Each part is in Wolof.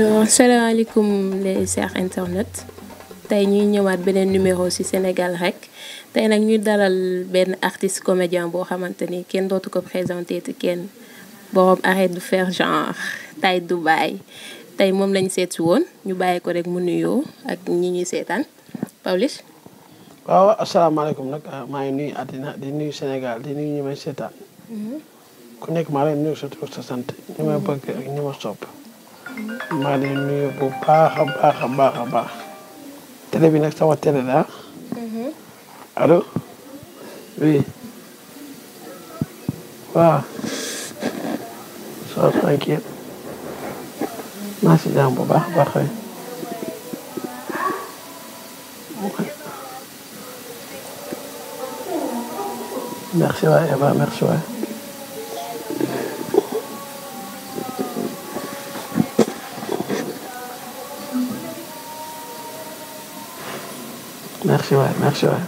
alors salaamaaleykum les chers internautes Tay ñuy ñëwaat benen numéro ci Sénégal rek Tay nak ñuy dalal benn artiste comédien bo xamanteni ni kenn dootu ko présenter te kenn boroom arrête de faire genre tay Dubai. Tay mom lañ seet si woon ñu bayé ko rek mu nuyo ak ñi ñi sétane. Paulis. waaw asalaamaaleykum nag ah, maa ngi nuyu àddina di nuyu Sénégal di nuyu ñi may sétane. Mhm. ku nekk ma leen nuyu sa tur sa sant ñi may bëgg ak ñi ma sopp maa ngi leen nuyu bu baax a baax a baax a baax télé bi nag sama télé la mm-hmm. allo oui waaw soo tranquille si bu baax baax rek merci waay Eva merci waay Merci, ouais, merci, ouais.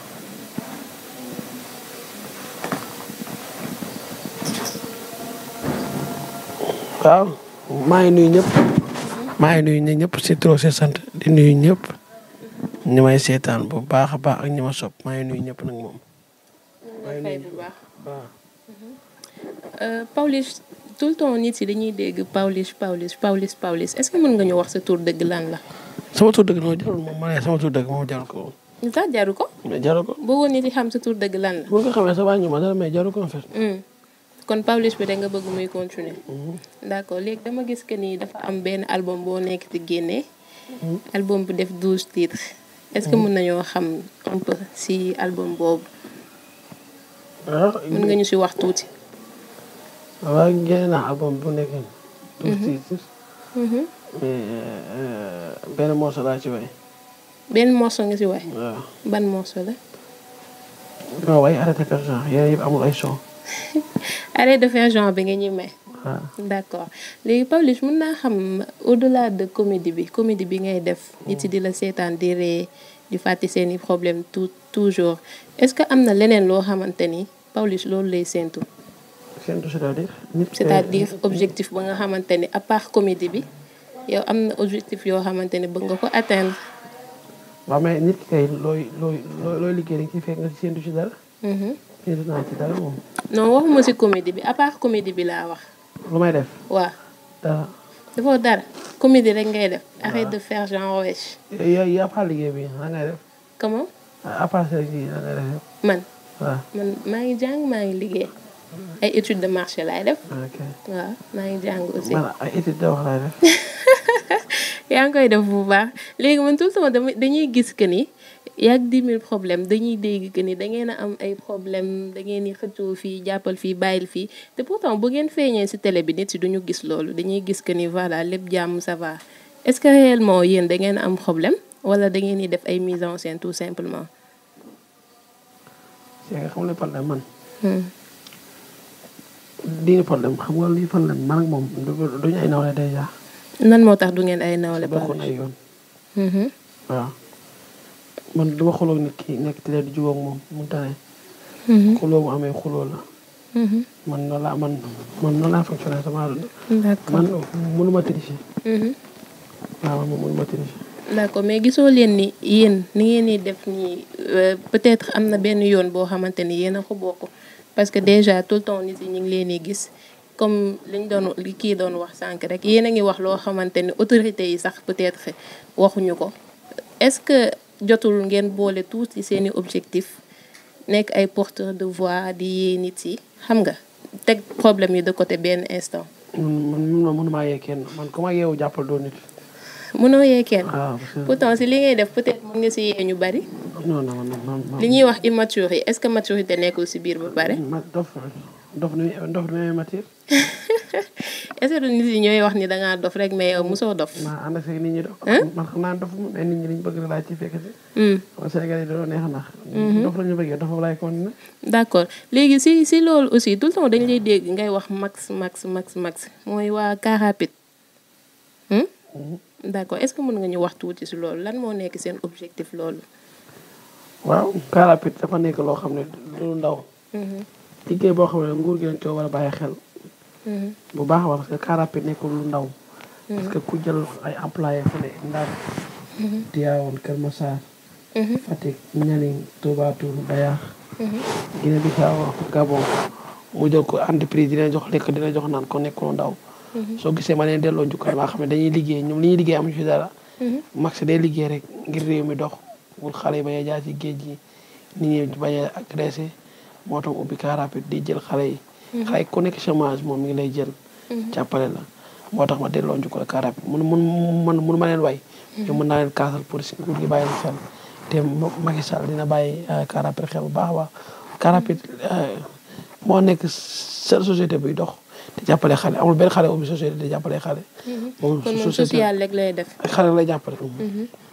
waaw maa ngi nuyu ñëpp maa ngi nuyu ñëpp si trop si sant di nuyu ñëpp may seetaan bu baax a baax ak ñi ma sopp maa ngi nuyu ñëpp nag moom. maa ngi nuyu baax waaw. Euh, tout le temps nit yi dañuy dégg est-ce que mën nga ñu wax sa tur dëgg lan la. sama tur dëgg moom jarul moom ma ne sama tur dëgg moom jarul ko. sax jaru ko. mais jaru ko. boo woon nit xam sa tur dëgg lan la. bu nga xamee sa wàññi ma dara mais jaru ko en hmm. kon publish bi da nga bëgg muy continuer. Hmm. d' accord léegi dama gis que ni dafa am benn album boo nekk ci génnee. Hmm. album bu def douze titres. est ce que mën nañoo xam un peu si album boobu. Ah, mën nga ñu si wax tuuti. waaw génne album bu nekk euh, euh, benn morceau ci way ben morceau nga si way ban morceau la. non way arrêté faire genre yéen amul ay son. arrêté de faire genre bi nga ñuy may. waaw d' accord mën xam au delà de comédie bi comédie bi ngay def. nit yi di la seetaan di ree di seen problème tout toujours est ce que am na leneen loo xamante ni Pawlish loolu lay séentu. séentu c' est à dire. c' est à dire objectif ba nga xamante ni à part comédie bi yow am na objectif yoo xamante ni bëgg nga ko atteindre waaw nit ki kay looy looy looy liggéey dañ ciy fekk nga séntu ci dara. Mhm. séntu naa ci dara moom. non waxuma si comédie bi à part comédie bi laa wax. lu may def. waaw. dara. dafoo dara comédie rek ngay def. arrête de faire genre wesh. yow yow à part liggéey bi lan ngay def. comment. à part sa liggéey lan ngay def. man. waaw man maa ngi jàng maa ngi liggéey. ay études de marché laay def. ok waaw maa ngi jàng aussi. man ay études de wax laay def. yaa ngi koy def bu baax léegi man tout le temps dañuy gis que ni yàgg dix mille problème dañuy dégg que ni da ngeen a am ay problème da ngeen di xëccoo fii jàppal fii bàyyil fii te pourtant bu ngeen feeñee ci télé bi nit si duñu gis loolu dañuy gis que ni voilà lépp jàmm ça va est-ce que réellement yéen da ngeen am problème wala da ngeen ni def ay mise en scène tout simplement. yaa xam ne problème man. Hmm. diine problème xam nga lii problème man ak moom duñu ay nawle déjà nan moo tax du ngeen ay nawle bokkul ay yoon. Mm-hmm. waaw man du ma xuloo nit ki nekk télé di jubóog moom mu tane. Mm-hmm. xuloo mu amee xuloo la. Mm-hmm. man noonu laa man man noonu laa fonctionné sama man mënu ma tricher. waaw man mënu ma tricher. d' accord mais gisoo leen ni yéen ni ngeen di def ni euh, peut-être am na benn yoon boo xamante ni yéen a ko bokk parce que déjà tout le temps nit yi ñu ngi leen di gis comme liñ doon li kii doon wax sànq rek yéen ngi wax loo xamante yi sax peut-être est-ce que jotul ngeen boole tout ci objectif nekk ay porteurs de voix di nit yi xam nga problème yi de côté benn instant. man comment yeewu jàppal doo nit. mënoo yee kenn. Ah, pourtant si li ngay def peut-être mën nga si yee bari. non non non immature est-ce que maturité nekkul si biir dof na dof na may matière. est nit yi ñooy wax ni da dof rek mais yow mosoo dof. maa ànd seeg nit ñi dof. man xam naa dof moom bëgg la laaj ci fekk si. Hmm. kon Sénégal yi dañoo neex ndax. Hmm. dof la ñu bëggee dof laay léegi si si loolu aussi tout le dañu lay dégg ngay wax max max max max mooy waa car rapide. Hmm? d'accord est que mën nga ñu wax tuuti si loolu lan moo nekk seen objectif loolu. waaw car dafa nekk loo xam ne lu ndaw. liggéey boo xam ne nguur gi dañ koy war bàyyi xel. Mm-hmm. bu baax a baax parce que car rapide nekkul lu ndaw. Mm-hmm. parce que ku jël ay employé fu ne Ndar. Mm-hmm. Tivaouane Kër Massar. Fatick Nianing Touba Toul Bayaax. Guinée Bissau Gabon mu ko entreprise dina jox lekk dina jox naan ko nekkul ndaw. soo gisee ma leen delloo njukkal maa xam ne dañuy liggéey ñoom li ñuy liggéey am ci dara. max day liggéey rek ngir réew mi dox wul xale yi bañ a jaar géej gi nit ñi bañ a agressé. moo tax ubbi car di jël xale yi. Mhm. xale yi moom mi ngi lay jël. Mhm. jàppale la moo tax ma delloo njukkal car rapide mun mun mun ma leen way. mais mhm. mun naa leen kaasal pour si nguur gi bàyyi la xel te Macky Sall dina bàyyi euh, car rapide xel bu baax a baax car euh, moo nekk seule société buy dox. te jàppale xale amul benn xale ubbi société di jàppale xale. moom société kon moom lay def. xale lay jàppale.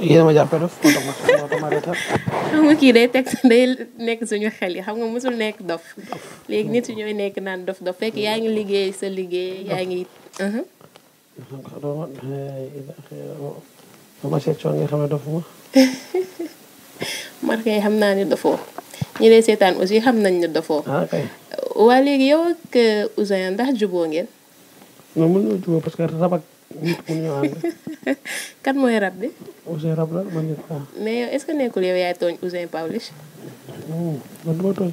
yéen ma jàppee def oto ma oto ma reetal xam nga kii day teg day nekk suñu xel yi xam nga mosul nekk dof léegi nit ñooy nekk naan dof dof fekk yaa ngi liggéey sa liggéey yaa ngi ma seetoon nga xam ne dofu ma marqué xam naa ne dofoo ñi lay seetaan aussi xam nañ ne dofoo waa léegi yow ak Ouzin ndax juboo ngeen non mën ñoo juboo parce que rab ak nit mooy rab bi. Ouzin rab la man nit ko ce que nekkul yow yaay tooñ Ouzin Pawlish. Hmm, man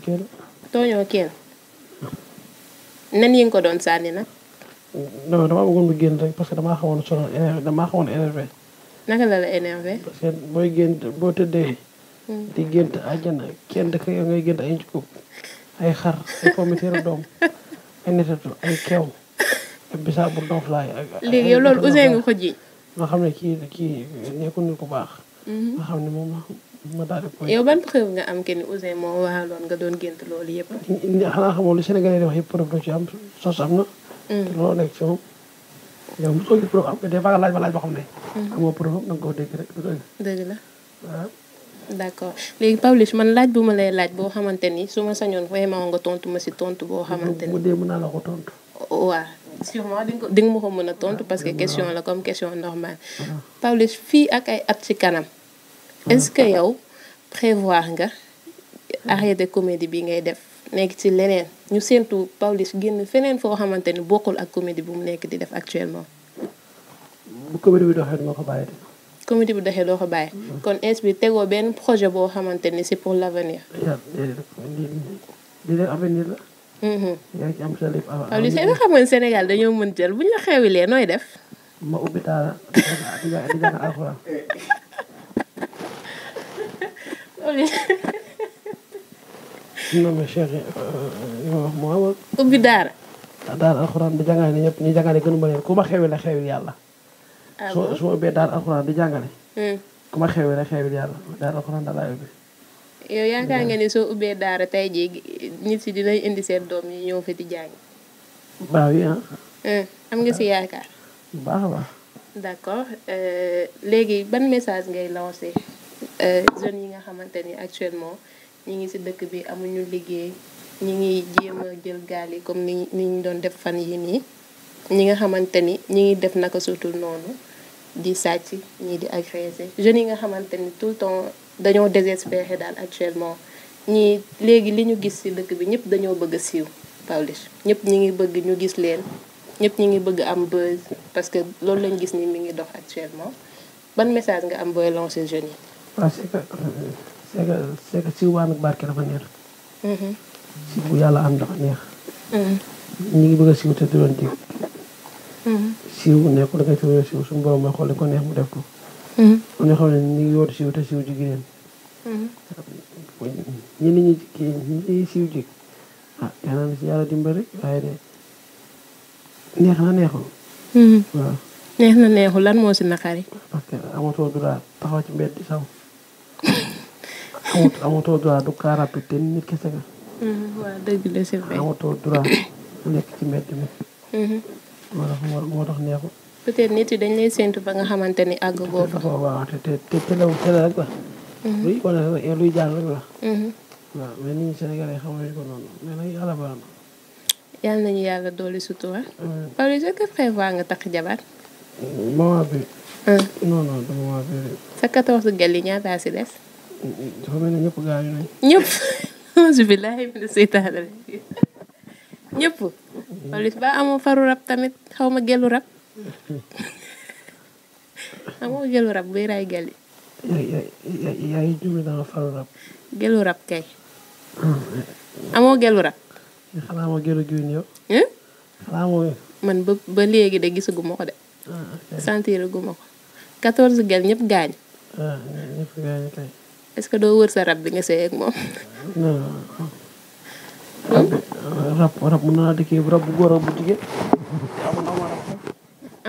nan yi ko doon sànni nag. non damaa bëggoon bu génn rek parce que damaa xawoon sonal énervé damaa xawoon énervé. naka la la énervé. parce génn boo tëddee. Hmm. di gént àjjana kenn dëkk yow ngay gént ay njukub ay xar ay pomme de doom ay netatu ay kew. bisaab bu dof laay. léegi yow loolu Ouzin nga ko ji. ma xam ne kii kii nekkul ni ku baax. ma mhm. xam ne moom ma daal di koy. yow ban preuve nga am kenn Ouzin moo waxaloon nga doon gént loolu yëpp. xanaa xamoo lu Sénégalais di wax yëpp preuve la ci am sos na. Mm. te loolu nekk ci moom. yow mosoo gis preuve am nga des fois laaj ma laaj boo xam ne. Mm. amoo ko dégg dëgg la waaw. d' accord léegi Pawlish man laaj bu ma lay laaj boo xamante ni su ma sañoon vraiment nga tontu ma si tontu boo. xamante ni bu dee mën naa la ko tontu. waaw sûrement ding mo ko meuna tontu parce que question la comme question normale. Pawlish fi ak ay at ci kanam. est-ce que yow prévoir nga arrêter comédie bi ngay def nek ci leneen ñu sentu Pawlish génn feneen fo xamanteni bokul ak comédie bu mu nek di def actuellement. bu comédie bi doxee doo ko bàyyi comédie bu doxee doo ko bàyyi. kon est bi tegoo ben projet bo xamanteni c'est pour l'avenir. Mm-hmm. yaa ngi am nga xam Sénégal dañoo mën jël bu ñu la xewilee nooy def. ma ubbi taala di nga di nga alxuraan. non mais Cheikh euh, li ma wax mu amoon. ubbi daara. daara alxuraan di jàngale ni ñu jàngale gënu leen ku ma xewile xewil yàlla. ah su ma ubbee daara alxuraan di jàngale. Mm. ku ma xewile xewil yàlla daara alxuraan da ubbi. yow yaakaar nga ne soo ubbee daara tey jii ñi si dinañ indi seen doom yi ñëw fi di jàng. waaw yéen. am nga si yaakaar. baax baax. d'accord euh, léegi ban message ngay lancé euh, jeunes yi nga xamante ni actuellement ñi ngi si dëkk bi amuñu liggéey ñi ngi jéem a jël gaal yi comme ni ni ñu doon def fan yi nii ñi nga xamante ni ñi ngi def naka surtout noonu di sàcc ñii di agressé jeunes yi nga xamante ni tout le temps. dañoo désespéré daal actuellement ñi léegi li ñu gis ci dëkk bi ñëpp dañoo bëgg a siiw Pawlish ñëpp ñi ngi bëgg ñu gis leen ñëpp ñi ngi bëgg am buzz parce que loolu lañ gis ni mi ngi dox actuellement ban message nga am booy lancer jeunes yi. waaw ah, c'est que mm-hmm. siiw bu yàlla am dafa neex. Mm-hmm. ñi ngi bëgg a siiw te du doon mm-hmm. siiw. siiw nekkul da ngay siiw suñu borom mooy xool ko neex mu def ko. Mm-hmm. am na xam ne ñu mm-hmm. ah, na si mm-hmm. neex na neexul. lan moo si naqari. parce que amatoo droit taxaw ci mbedd saw amut amatoo du car rapide te nit kese nga. waaw dëgg la ci mbedd mi. moo tax moo tax neexul. peut-être nit yi dañ lay séntu ba nga xamante ni àgg waaw te te te tëlaw tëla rek la. Mm-hmm. luy wane rek luy jaar rek la. Mm-hmm. waaw mais nit ñi Sénégal ko noonu mais nag yàlla baax na. yàlla nañu yàlla dooli sutura. Mm. Pawlish est-ce que prévoir nga takk jabar. moment bi. non non du moment bi. sa 14 gel yi ñaata si des. dafa mel ni ñëpp gaañu nañ. ñëpp. auzu billaahi mina seytaani rajiim ñëpp. Pawlish ba amoo faru rab tamit xaw gelu rab. Amo gelo rab ya, be ah, ray gali. Yaay jublu dama fal rap. Gelo rab kay. Amo gelo rap. Xana mo gelo giwin yo. Hein? Xana mo man ba ba legi de gisuguma ko de. Sentir guma ko. 14 gel ñep gañ. Ah, ñep gañ kay. Est ce que do wër sa rap, bi nga sey mom? Non. Nah. rap rap, mo rap, rap,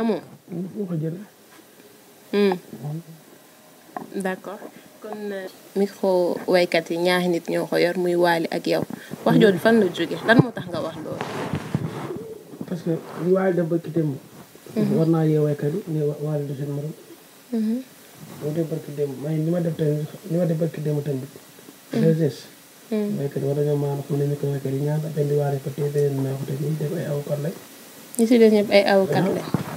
amoo. moo hmm. ko jëlee. d'accord kon euh, micro waykat yi ñaari nit ñoo ko yor muy waali ak yow wax jooju fan la jóge lan moo tax nga wax loolu. parce que li Waly def ba kite moom. Hmm. war naa yee waykat yi mais Waly du seen morom. moo hmm. def li ma def tamit li ma def barki démb waykat yi war nañoo maanaam xam ne micro waykat yi ñaar benn waare ko te beneen naa ko te def ay avocat lañ. ñu si des ñëpp ay avocat lañ.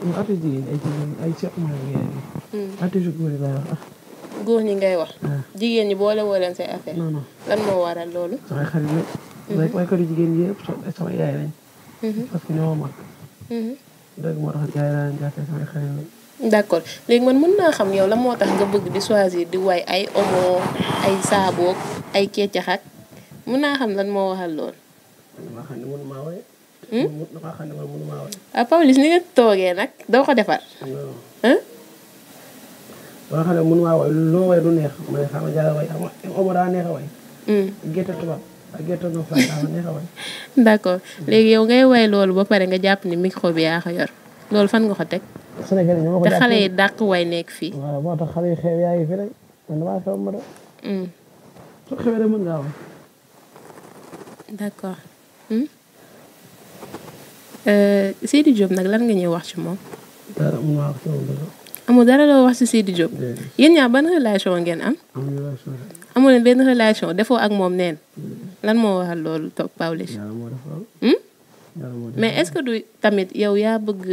atu jigéen ay jigéen hmm. góor yi ah. góor ñi ngay wax ah. jigéen ñi boole woo leen say affaire lan moo waral loolu samay xarit hmm. jigéen yëpp sama yaay lañ hmm. parce que ñoo mag naa xam yow la moo tax nga bëgg di choisir di way ay omo ay saaboog ay keccax ak mën naa xam lan moo waxal lool. Hmm? damaa xam ne ah, ni nga toogee nag doo ko defar. xam ne mënu maa wax loo daa neex way. Hmm. d'accord léegi yow ngay way loolu ba pare nga jàpp ni micro bi yaa ko yor loolu fan nga ko teg. Sénégal yi te xale yi dàq way nekk fii. waaw tax xale yi xew yaa fi rek man damaa xew ma de. Hmm. soo xewee rek mën ngaa wax. d'accord. Euh, Seydi Diop nag lan nga ñuy wax ci moom. dara mu amul dara loo wax ci Seydi Diop. yéen ñaa ban relation ngeen am. amu leen benn relation defoo ak moom neen lan moo waxal loolu toog Pawlish. Hmm? mais est-ce que du tamit yow yaa bëgg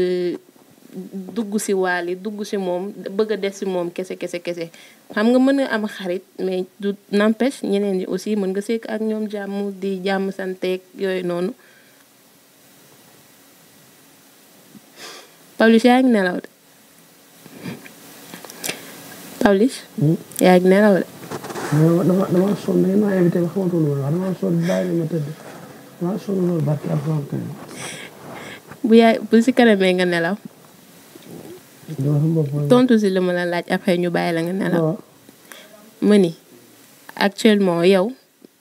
dugg ci waal yi dugg ci moom bëgg a des ci moom kese kese kese xam nga mën nga am xarit mais du n'empêche ñeneen ñi aussi mën nga sekk ak ñoom jàmm di jàmm santeeg yooyu noonu. Pawlish yaa ngi nelaw de Pawlish. nelaw de. dama dama bu yaay bu si kanamee nga nelaw. tontu si li ma la laaj après ñu bàyyi la nga nelaw. ma ni actuellement yow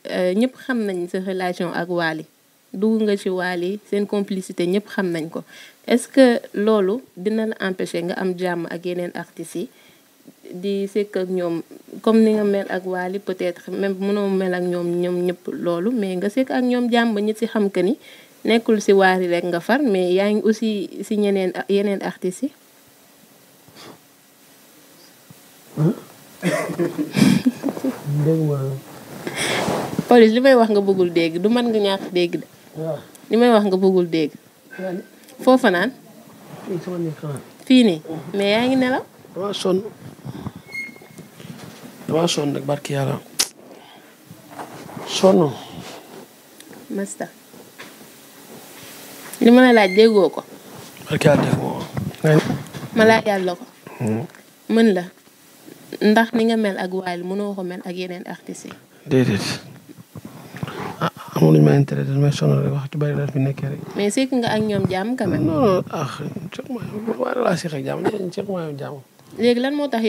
euh, ñëpp xam nañ sa relation ak Wally dugg nga ci Wally seen complicité ñëpp xam nañ ko est-ce que lolu dina la empêcher nga am jamm ak yenen artistes di sekk ak ñom comme ni nga mel ak wali peut-être même mëno mel ak ñom ñom ñëpp lolu mais nga c'est ak ñom jamm ñi ci xam que ni nekkul ci Wally rek nga far mais yaa ngi aussi ci ñeneen yeneen artistes yi. Hein? dégg nga. li may wax nga bëggul dégg du man nga ñàkk dégg de. Ah. li may wax nga bëggul dégg. foo fanaan fii nii mais yaa ngi nelaw damaa sonn damaa barki yàlla sonn masta li ma la laaj déggoo ko barki yàlla déggoo ma laajaat la ko hmm. mën la ndax ni nga mel ak Wally mënoo ko mel ak yeneen artistes yi moom dañu maa intéressé dañu may sonal rek wax ci bari daal fi nekkee rek. mais sekk nga ak ñoom jàmm quand yow ah, jàmm. léegi lan moo tax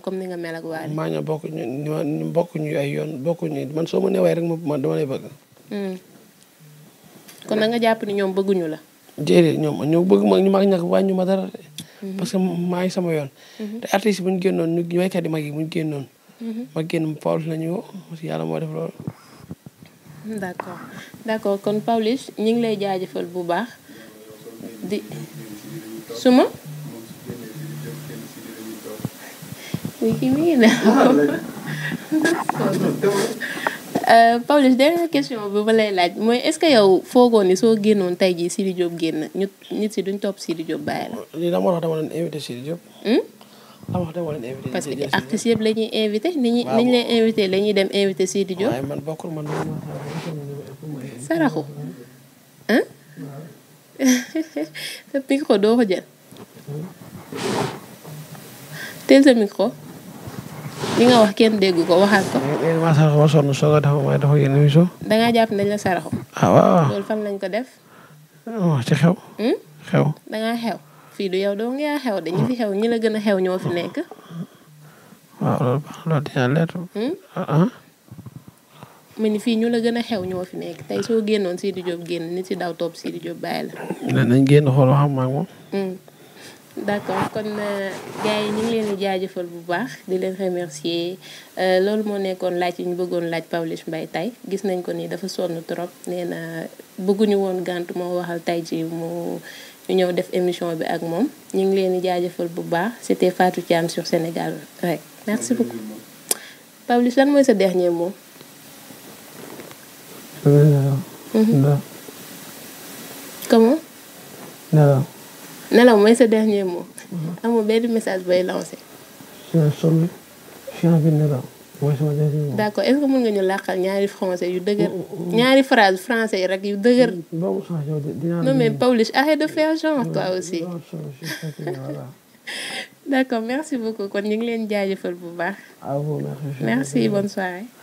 comme ni nga mel ak waa maa ñoo bokk ñu bokk ñu ay yoon bokk ñu man soo ma newaay rek ma dama lay bëgg. Hmm. kon da nga jàpp ni ñoom bëgguñu la. déedéet ñoom ñoo bëgg ma ñu mag ñàkk wàññi ma dara hmm. parce que maa ngi sama yoon. Hmm. te artiste bu ñu génnoon ñu waykat yi mag yi bu ñu génnoon. ma génn Paul lañu woo moo def loolu. d' accord d' accord kon Pawlish ñu ngi lay jaajëfal bu baax di suma oui kii mi ngi ne ah, euh, Pawlish dernière question bi ma lay laaj mooy est ce que yow foogoon ni soo génnoon tey jii Sidi Diop génn ñu nit si duñ topp Sidi Diop bàyyi la. lii dama wax dama doon invité Sidi Ah, parce que artistes yëpp la ñuy invité ni ñuy ni ñu leen invité la ñuy invité Sidi Diop. saraxu ah sa micro doo ko jël teel wax kenn dégg ko waxaat ko. ma saraxu ma da ngaa jàpp nañ la saraxu. ah waaw loolu fan lañ ko def. Oh, ci xew. Hmm? xew da xew. fii du doo dong yaa xew de ñu fi xew ñi la gën a xew ñoo fi nekk. waaw loolu hmm? ah, ah. ni fii ñu la gën a xew ñoo fi nekk tey soo génnoon di Diop génn nit ci daw topp Sidi Diop bàyyi la. dinañ nañ génn xool xam ma ak moom. Hmm. d'accord kon euh, gars yi ñu leen di jaajëfal bu baax di leen remercier euh, loolu moo nekkoon laaj yi ñu bëggoon laaj Pawlish Mbaye tey gis nañ ko ni dafa sonn trop nee na bëgguñu woon gànt moo waxal tey ji mu. ñu ñëw def émission bi ak moom ñu ngi leen di jaajëfal bu baax c'était Fatou Thiam sur Sénégal rek merci beaucoup Pawlish lan mooy sa dernier mot. Euh, mhm. comment. nelaw. nelaw mooy sa dernier mot. Mhm. amoo benn message bay lancé. je suis D'accord, est ce que vous ñu français yu français mm, non mais arrête de faire genre toi aussi. D'accord, merci beaucoup merci bonne soirée.